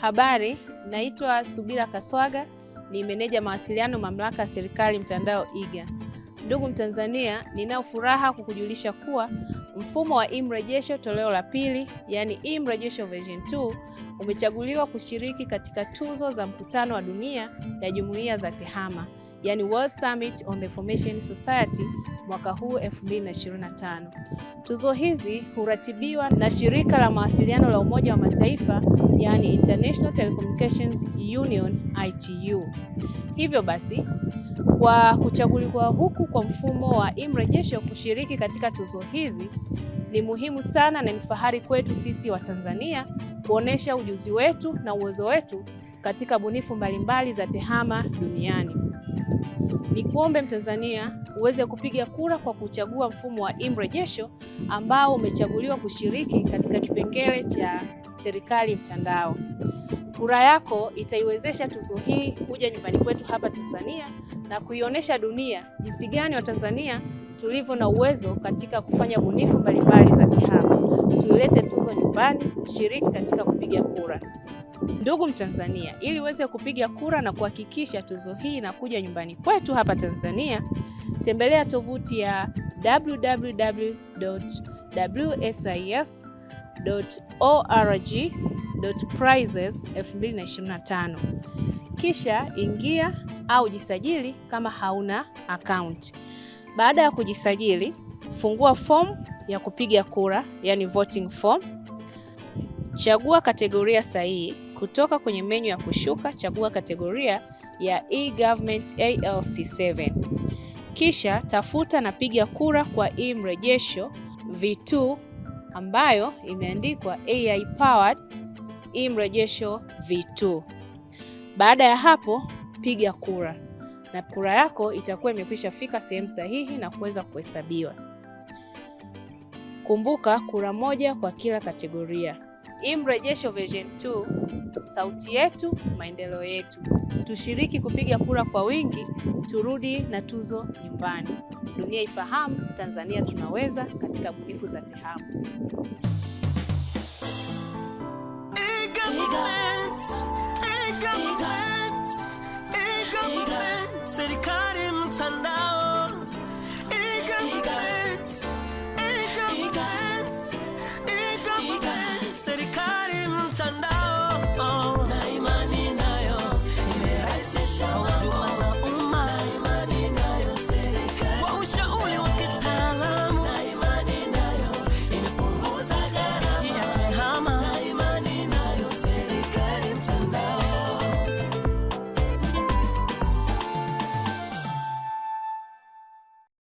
Habari, naitwa Subira Kaswaga, ni meneja mawasiliano mamlaka ya serikali mtandao eGA. Ndugu Mtanzania, ninao furaha kukujulisha kuwa mfumo wa e-mrejesho toleo la pili, yani e version 2 umechaguliwa kushiriki katika tuzo za mkutano wa dunia ya jumuiya za TEHAMA, yani World Summit on the Information Society mwaka huu 2025. Tuzo hizi huratibiwa na shirika la mawasiliano la Umoja wa Mataifa, yani International Telecommunications Union ITU. Hivyo basi, kwa kuchaguliwa huku kwa mfumo wa imrejesho kushiriki katika tuzo hizi ni muhimu sana na ni fahari kwetu sisi wa Tanzania kuonesha ujuzi wetu na uwezo wetu katika bunifu mbalimbali za tehama duniani. Nikuombe Mtanzania uweze kupiga kura kwa kuchagua mfumo wa imrejesho ambao umechaguliwa kushiriki katika kipengele cha serikali mtandao. Kura yako itaiwezesha tuzo hii kuja nyumbani kwetu hapa Tanzania na kuionyesha dunia jinsi gani Watanzania tulivyo na uwezo katika kufanya bunifu mbalimbali za TEHAMA. Tuilete tuzo nyumbani, shiriki katika kupiga kura. Ndugu Mtanzania, ili uweze kupiga kura na kuhakikisha tuzo hii inakuja nyumbani kwetu hapa Tanzania, tembelea tovuti ya www.wsis.org.prizes2025 kisha ingia au jisajili kama hauna akaunti. Baada ya kujisajili, fungua fomu ya kupiga kura, yani voting form. Chagua kategoria sahihi kutoka kwenye menyu ya kushuka, chagua kategoria ya e-Government ALC7. Kisha tafuta na piga kura kwa hii mrejesho V2 ambayo imeandikwa AI powered hii mrejesho V2. Baada ya hapo, piga kura na kura yako itakuwa imekwisha fika sehemu sahihi na kuweza kuhesabiwa. Kumbuka, kura moja kwa kila kategoria. Hii mrejesho version 2, sauti yetu maendeleo yetu. Tushiriki kupiga kura kwa wingi, turudi na tuzo nyumbani. Dunia ifahamu Tanzania tunaweza katika bunifu za TEHAMA.